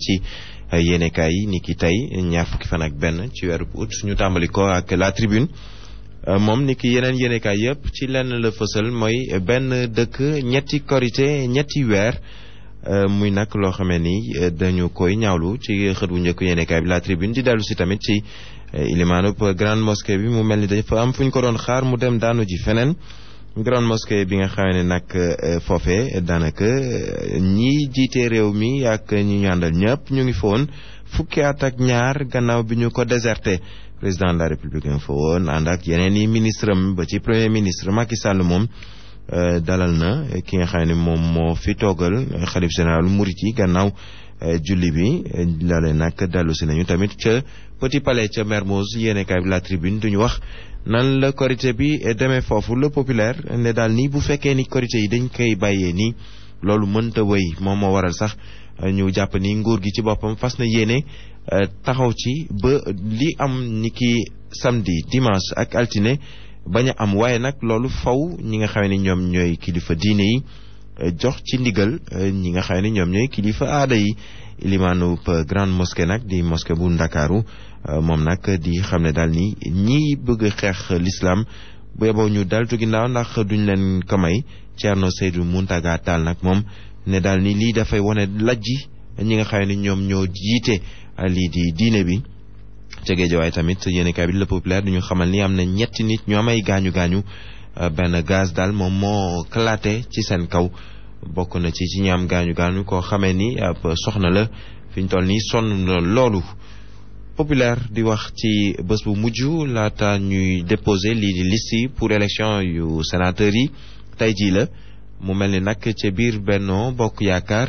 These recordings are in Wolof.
ci euh, yéenekaay yi ni ki tey ñaar fukki fan ak benn ci weeru août ñu tàmbali ko ak la tribune euh, moom ni ki yeneen yéenekaay yëpp ci lenn la fësal mooy benn dëkk ñetti quarité ñetti weer euh, muy nag loo xamee ni dañu koy ñaawlu ci xët bu njëkk yéenekaay bi la tribune di dellu si tamit ci ilimaanub grande mosquée bi mu mel ni dafa am fu ñu ko doon xaar mu dem daanu ji feneen grande mosquée bi nga xamee ne nag euh, foofe daanaka euh, ñi jiite réew mi ak ñi ñu àndal ñëpp ñu ngi foon fukki at ak ñaar gannaaw bi ñu ko déserté président de la république nga woon ànd ak yeneen i ministre am ba ci premier ministre Macky Sall moom euh, dalal na ki nga xam ne moom moo fi toogal xalif général murit yi gannaaw Eh, julli bi eh, loolee nag dellu si nañu tamit ca Petit Palais ca Mermoz yéenekaay bi La Tribune duñu wax nan la korité bi eh, demee foofu la populaire ne daal nii bu fekkee ni korité yi dañ koy bàyyee nii loolu mënta wéy moom moo waral sax ñu jàpp ni nguur gi ci boppam fas na yéene taxaw ci ba li am ni ki samedi dimanche ak altine bañ a am waaye nag loolu fow ñi nga xam ni ñoom ñooy kilifa diine yi jox ci ndigal euh, ñi nga xam ni ñoom ñooy kilifa aada yi limaanu euh, grande mosquée nag di mosquée bu ndakaaru euh, moom nag di xam ne daal ni ñi bëgg xeex lislaam bu yeboo ñu daltu ginnaaw ndax duñ leen ko may Thierno Seydou Mountaga Tall nag moom ne daal ni lii dafay wane lajji ñi nga xam ne ñoom ñoo jiite lii di diine bi ca Géejawaay tamit yéenekaay bi Le Populaire du ñu xamal ni am na ñetti nit ñoo am gaañu gaañu Euh, benn gaz daal moom moo kalaate ci seen kaw bokk na ci ci ñaam gaañu gaañu koo xamee ni ab soxna la fiñ toll nii sonn na loolu. populaire di wax ci bés bu mujj laata ñuy déposé lii di liste yi pour élection yu sénateur yi tey jii la mu mel ni nag ca biir Benno Bokk Yaakaar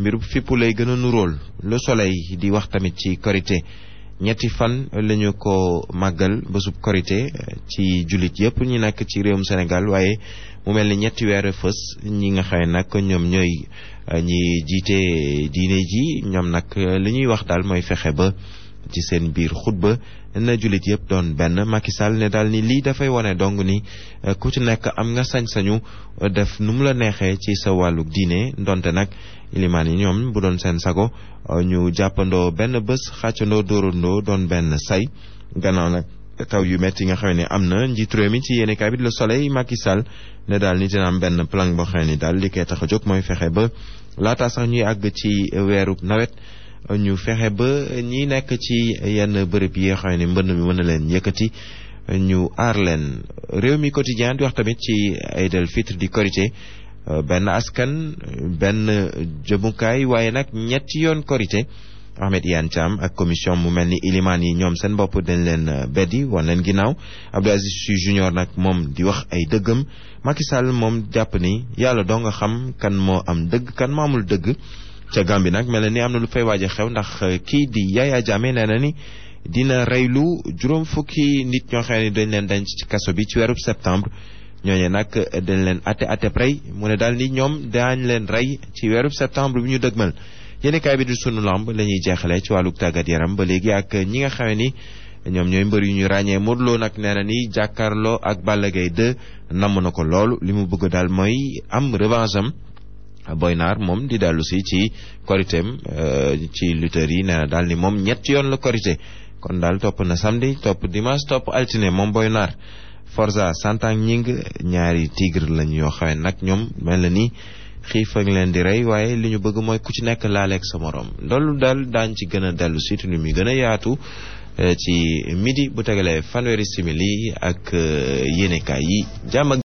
mbir fippu lay gën a nuróol Le Soleil di wax tamit ci korité ñetti fan la ñu ko màggal bésub korité eh, ci jullit yëpp ñi nekk ci réewum Sénégal waaye mu mel ni ñetti weer fës ñi nga xam ne nag ñoom ñooy eh, ñi jiite diine ji ñoom nag eh, li ñuy wax daal mooy fexe ba ci seen biir xutba na jullit yëpp doon benn Macky Sall ne daal ni lii dafay wane dong ni eh, ku ci nekk am nga sañ-sañu eh, def nu mu la neexee ci sa wàllu diine ndonte nag ilimaan yi ñoom bu doon seen sago eh, ñu jàppandoo benn bés xàccandoo dóorandoo doon benn say gannaaw nag taw yu métti nga xam ni am na njiit mi ci yéene kaay bi Le Soleil Macky Sall ne daal ni dina benn plan boo xam ne daal li koy tax a jóg mooy fexe ba laata sax ñuy àgg ci weeru nawet ñu fexe ba ñi nekk ci yenn bërëb yi nga xam ne mbënn mi mën na leen yëkkati ñu aar leen réew mi quotidien di wax tamit ci ay el fitre di korité benn askan benn jëmukaay waaye nag ñetti yoon korité Ahmed Iyane Thiam ak commission mu mel ni ilimaan yi ñoom seen bopp dañ leen beddi wan leen ginnaaw Abdou Aziz Junior nag moom di wax ay dëggam Macky Sall moom jàpp ni yàlla doo nga xam kan moo am dëgg kan moo amul dëgg ca Gambie nag mel na ni am na lu fay waaj a xew ndax eh, kii di Yaya Jammeh nee na ni dina rey lu juróom fukki nit ñoo xam ne dañ leen denc ci kaso bi ci weerub septembre ñooñu nag eh, dañ leen atte atte rey mu ne daal ni ñoom daañ leen rey ci weerub septembre bi ñu dëgmal yéenekaay bi di sunu lamb la ñuy jeexalee ci wàllu tàggat yaram ba léegi ak ñi nga xam ni ñoom ñooy mbër yu ñu ràññee Modou Lo nag nee na ni jàkkaarloo ak Balla Gaye 2 namm na ko lool li mu bëgg daal mooy am revanche am Boynaar moom di dellu si ci koriteem euh, ci lutteurs yi nee daal ni moom ñett yoon la korité kon daal topp na samedi topp dimanche topp altine moom Boynaar Forza Santang ñing ñaari tigre lañ yoo xamee nag ñoom mel na ni xiif ak leen di rey waaye li ñu bëgg mooy ku ci nekk laaleeg sa morom loolu daal daañ ci gën a dellu si tunu mi gën a yaatu euh, ci midi bu tegalee fanweeri simili ak euh, yéenekaay yi jàmm